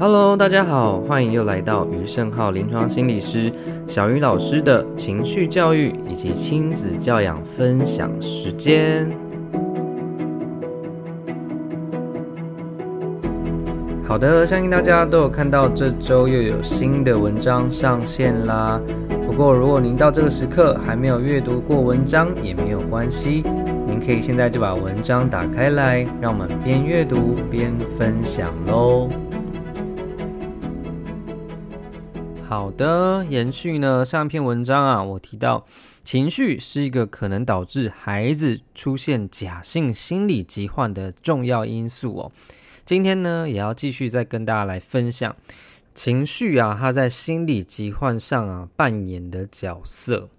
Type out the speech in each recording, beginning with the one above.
Hello，大家好，歡迎又來到余勝皓臨床心理師小魚老師的情緒教育以及親子教養分享時間。好的，相信大家都有看到這周又有新的文章上線啦。不過如果您到這個時刻還沒有閱讀過文章，也沒有關係，您可以現在就把文章打開來，讓我們邊閱讀邊分享嘍。好的，延續呢上一篇文章啊，我提到情緒是一個可能導致孩子出現假性心理疾患的重要因素哦。今天呢也要繼續再跟大家來分享情緒啊，它在心理疾患上啊扮演的角色。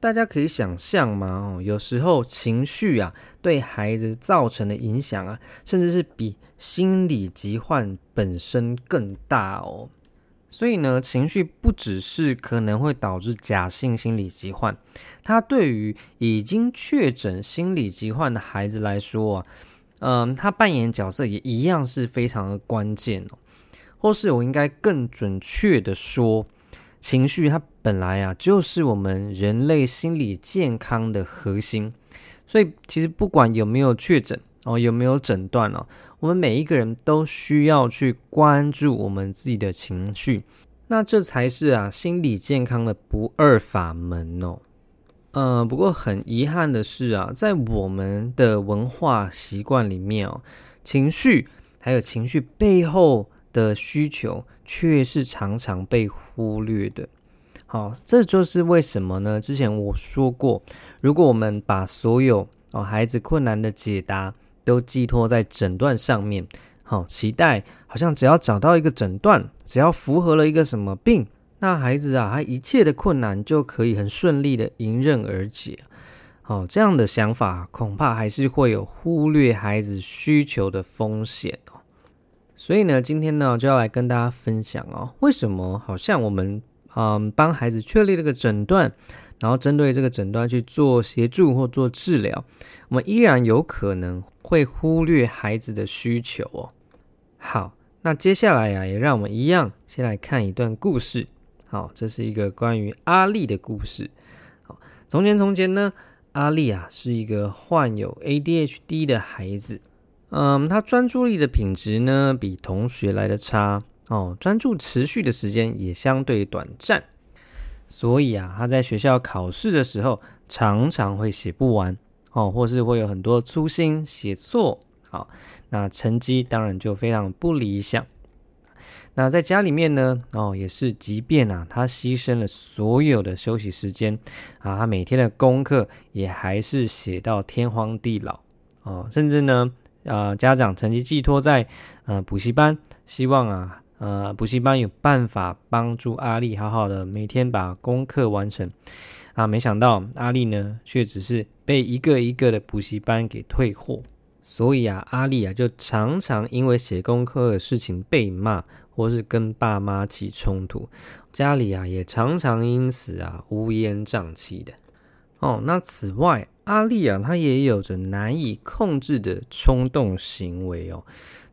大家可以想象嗎？哦，有時候情緒啊對孩子造成的影響啊，甚至是比心理疾患本身更大哦。所以呢，情緒不只是可能會導致假性心理疾患，它對於已經確診心理疾患的孩子來說啊，嗯，呃，它扮演角色也一樣是非常的關鍵哦。或是我應該更準確的說，情緒它本來啊就是我們人類心理健康的核心。所以其實不管有沒有確診哦，有沒有診斷哦，我們每一個人都需要去關注我們自己的情緒，那這才是啊，心理健康的不二法門哦。嗯、呃，不過很遺憾的是啊，在我們的文化習慣裡面哦，情緒還有情緒背後的需求，卻是常常被忽略的。好，這就是為什麼呢？之前我說過，如果我們把所有哦孩子困難的解答，都寄託在診斷上面，好期待，好像只要找到一個診斷，只要符合了一個什麼病，那孩子啊，他一切的困難就可以很順利的迎刃而解。好，這樣的想法恐怕還是會有忽略孩子需求的風險哦。所以呢，今天呢，就要來跟大家分享哦，為什麼好像我們嗯幫孩子確立了個診斷。然後針對這個診斷去做協助或做治療，我們依然有可能會忽略孩子的需求哦。好，那接下來呀、啊，也讓我們一樣先來看一段故事。好，這是一個關於阿力的故事。好，從前從前呢，阿力啊是一個患有 ADHD 的孩子。嗯，他專注力的品質呢比同學來得差哦，專注持續的時間也相對短暫。所以啊，他在學校考試的時候，常常會寫不完哦，或是會有很多粗心寫錯，好，那成績當然就非常不理想。那在家裡面呢，哦，也是，即便啊，他犧牲了所有的休息時間啊，他每天的功課也還是寫到天荒地老哦，甚至呢，啊、呃，家長曾經寄托在，呃，補習班，希望啊。呃，補習班有辦法幫助阿麗好好的每天把功課完成啊，沒想到阿麗呢，卻只是被一個一個的補習班給退貨，所以啊，阿麗啊就常常因為寫功課的事情被罵，或是跟爸媽起衝突，家裡啊也常常因此啊烏煙瘴氣的。哦，那此外，阿麗啊，她也有着難以控制的衝動行為哦。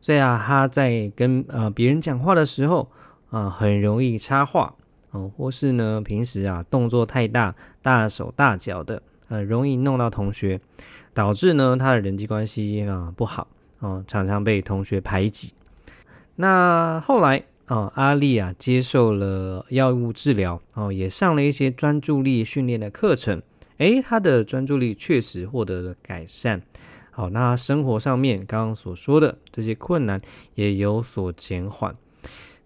所以啊，他在跟呃別人講話的時候啊、呃，很容易插話，啊、呃、或是呢，平時啊動作太大，大手大腳的，很、呃、容易弄到同學，導致呢他的人際關係啊、呃、不好，啊、呃、常常被同學排擠。那後來啊、呃，阿力啊接受了藥物治療，啊、呃、也上了一些專注力訓練的課程，哎，他的專注力確實獲得了改善。好，那生活上面剛剛所說的這些困難也有所減緩，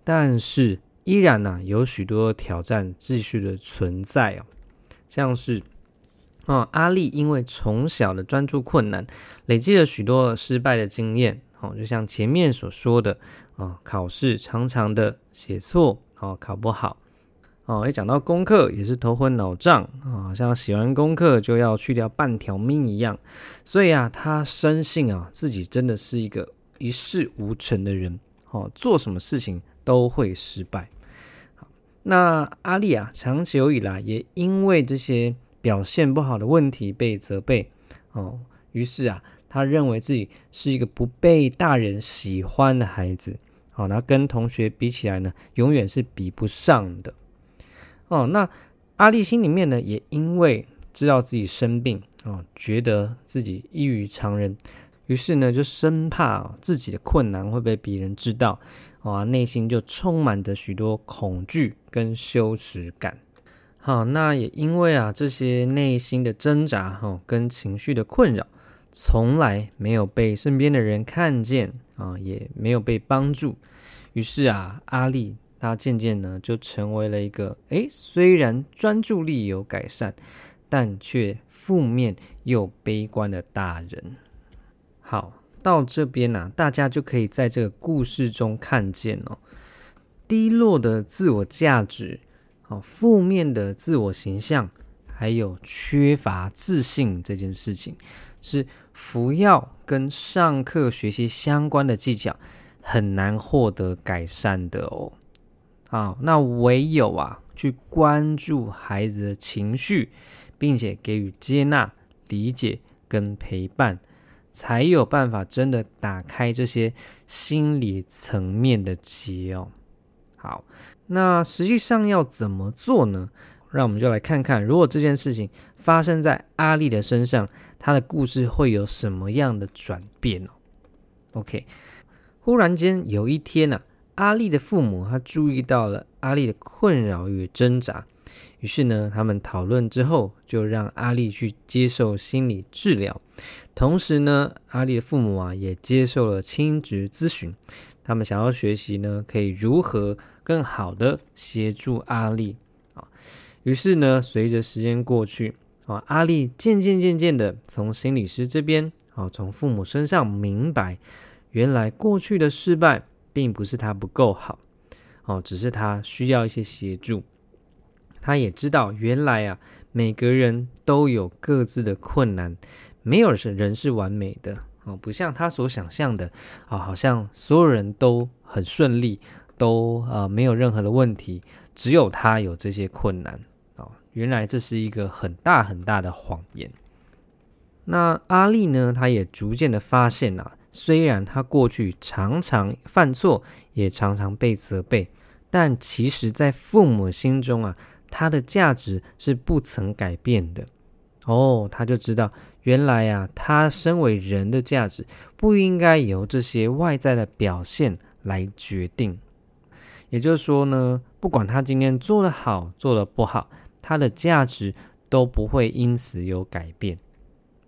但是依然呢、啊、有許多挑戰繼續的存在哦，像是，啊、哦、阿力因為從小的專注困難，累積了許多失敗的經驗哦，就像前面所說的啊、哦，考試常常的寫錯哦，考不好。哦，一講到功課也是頭昏腦脹啊，像寫完功課就要去掉半條命一樣。所以啊，他深信啊自己真的是一個一事無成的人，哦，做什麼事情都會失敗。那阿麗啊，長久以來也因為這些表現不好的問題被責備，哦，於是啊，他認為自己是一個不被大人喜歡的孩子，好，那跟同學比起來呢，永遠是比不上的。哦，那阿力心裡面呢，也因為知道自己生病啊、哦，覺得自己異於常人，於是呢，就生怕自己的困難會被別人知道，哇、哦，內心就充滿着許多恐懼跟羞恥感。好、哦，那也因為啊，這些內心的掙扎哈、哦，跟情緒的困擾，從來沒有被身邊的人看見啊、哦，也沒有被幫助，於是啊，阿力。他漸漸呢，就成為了一個，誒，雖然專注力有改善，但卻負面又悲觀的大人。好，到這邊呢，啊，大家就可以在這個故事中看見哦，低落的自我價值，好，負面的自我形象，還有缺乏自信這件事情，是服藥跟上課學習相關的技巧，很難獲得改善的哦。好，那唯有啊，去關注孩子的情緒，並且給予接納、理解跟陪伴，才有辦法真的打開這些心理層面的結哦。好，那實際上要怎麼做呢？讓我們就來看看，如果這件事情發生在阿麗的身上，她的故事會有什麼樣的轉變哦。OK，忽然間有一天呢、啊。阿力的父母，他注意到了阿力的困擾與掙扎，於是呢，他們討論之後，就讓阿力去接受心理治療。同時呢，阿力的父母啊，也接受了親職諮詢。他們想要學習呢，可以如何更好的協助阿力啊。於是呢，隨着時間過去啊，阿力漸漸漸漸的從心理師這邊，啊，從父母身上明白，原來過去的失敗。並不是他不夠好哦，只是他需要一些協助。他也知道原來啊，每個人都有各自的困難，沒有人是完美的哦，不像他所想象的啊，好像所有人都很順利，都呃沒有任何的問題，只有他有這些困難哦，原來這是一個很大很大的謊言。那阿力呢，他也逐漸的發現吶、啊。雖然他過去常常犯錯，也常常被責備，但其實，在父母心中啊，他的價值是不曾改變的。哦，他就知道，原來啊，他身為人的價值不應該由這些外在的表現來決定。也就是說呢，不管他今天做得好，做得不好，他的價值都不會因此有改變。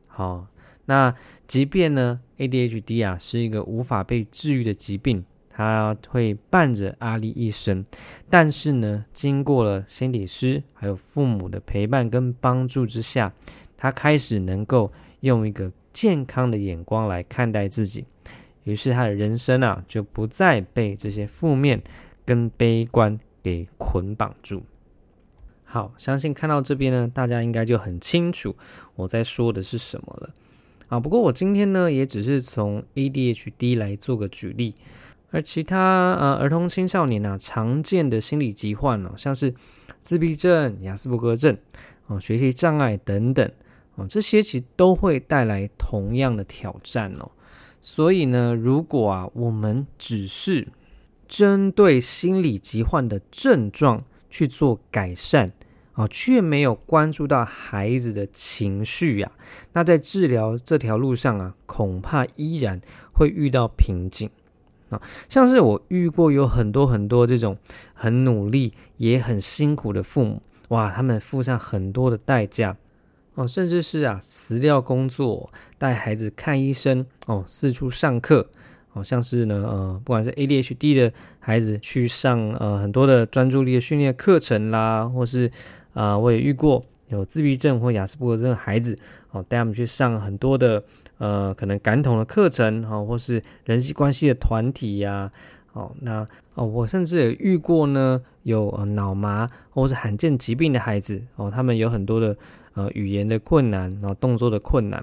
好，那即便呢，ADHD 啊，是一個無法被治癒的疾病，它會伴着阿力一生。但是呢，經過了心理師還有父母的陪伴跟幫助之下，他開始能夠用一個健康的眼光來看待自己，於是他的人生啊，就不再被這些負面跟悲觀給捆綁住。好，相信看到這邊呢，大家應該就很清楚我在說的是什麼了。啊，不過我今天呢，也只是從 ADHD 來做個舉例，而其他呃兒童青少年呢、啊，常見的心理疾患哦，像是自閉症、亞斯伯格症、哦、學習障礙等等啊、哦，這些其實都會帶來同樣的挑戰哦。所以呢，如果啊我們只是針對心理疾患的症狀去做改善。啊、哦，卻沒有關注到孩子的情緒呀、啊。那在治療這條路上啊，恐怕依然會遇到瓶頸啊、哦。像是我遇過有很多很多這種很努力也很辛苦的父母，哇，他們付上很多的代價哦，甚至是啊辭掉工作帶孩子看醫生哦，四處上課哦，像是呢呃，不管是 A D H D 的孩子去上呃很多的專注力的訓練課程啦，或是。啊、呃，我也遇過有自閉症或亞斯伯格症的孩子，哦、呃，帶他們去上很多的呃，可能感統的課程，哈、呃，或是人際關係的團體呀、啊，哦、呃，那哦、呃，我甚至也遇過呢，有、呃、腦麻或是罕見疾病的孩子，哦、呃，他們有很多的呃語言的困難，然後動作的困難，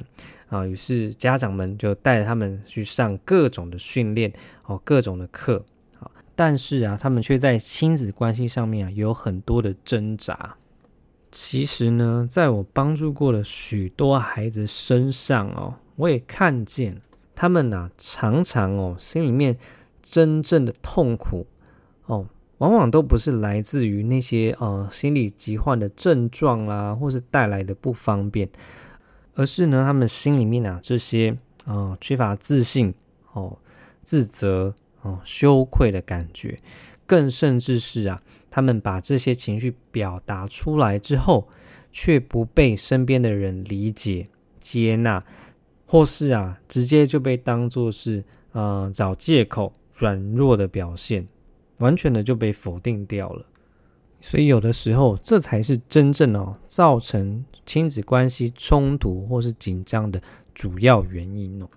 啊、呃，於是家長們就帶着他們去上各種的訓練，哦、呃，各種的課，好、呃，但是啊，他們卻在親子關係上面啊，有很多的掙扎。其實呢，在我幫助過的許多孩子身上哦，我也看見他們呢、啊，常常哦，心裡面真正的痛苦哦，往往都不是來自於那些呃心理疾患的症狀啦，或是帶來的不方便，而是呢，他們心裡面啊這些呃缺乏自信哦、自責哦、羞愧的感覺。更甚至是啊，他們把這些情緒表達出來之後，卻不被身邊的人理解、接納，或是啊，直接就被當作是呃找借口、軟弱的表現，完全的就被否定掉了。所以有的時候，這才是真正哦造成親子關係衝突或是緊張的主要原因哦。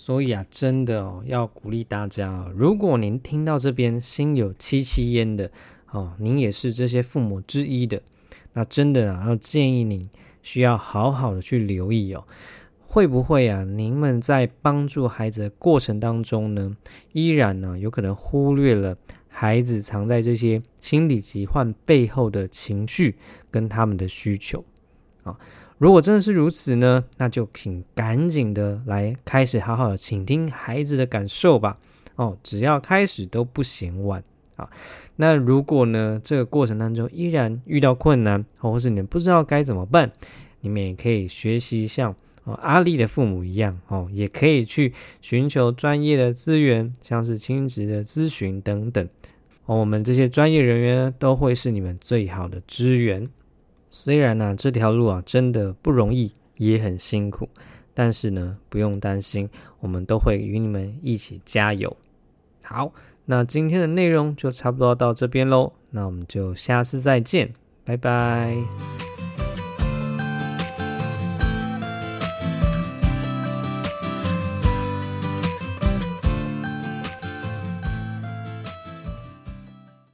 所以啊，真的哦，要鼓勵大家哦。如果您聽到這邊心有戚戚焉的哦，您也是這些父母之一的，那真的啊，要建議您需要好好的去留意哦，會不會啊，您們在幫助孩子的過程當中呢，依然呢，啊，有可能忽略了孩子藏在這些心理疾患背後的情緒跟他們的需求啊。哦。如果真的是如此呢，那就請趕緊的來開始，好好的傾聽孩子的感受吧。哦，只要開始都不嫌晚啊。那如果呢，這個過程當中依然遇到困難，或是你們不知道該怎麼辦，你們也可以學習像、哦、阿力的父母一樣，哦，也可以去尋求專業的資源，像是親職的諮詢等等。哦，我們這些專業人員都會是你們最好的資源。雖然呢、啊、這條路啊真的不容易，也很辛苦，但是呢，不用擔心，我們都會與你們一起加油。好，那今天的內容就差不多到這邊嘍，那我們就下次再見，拜拜。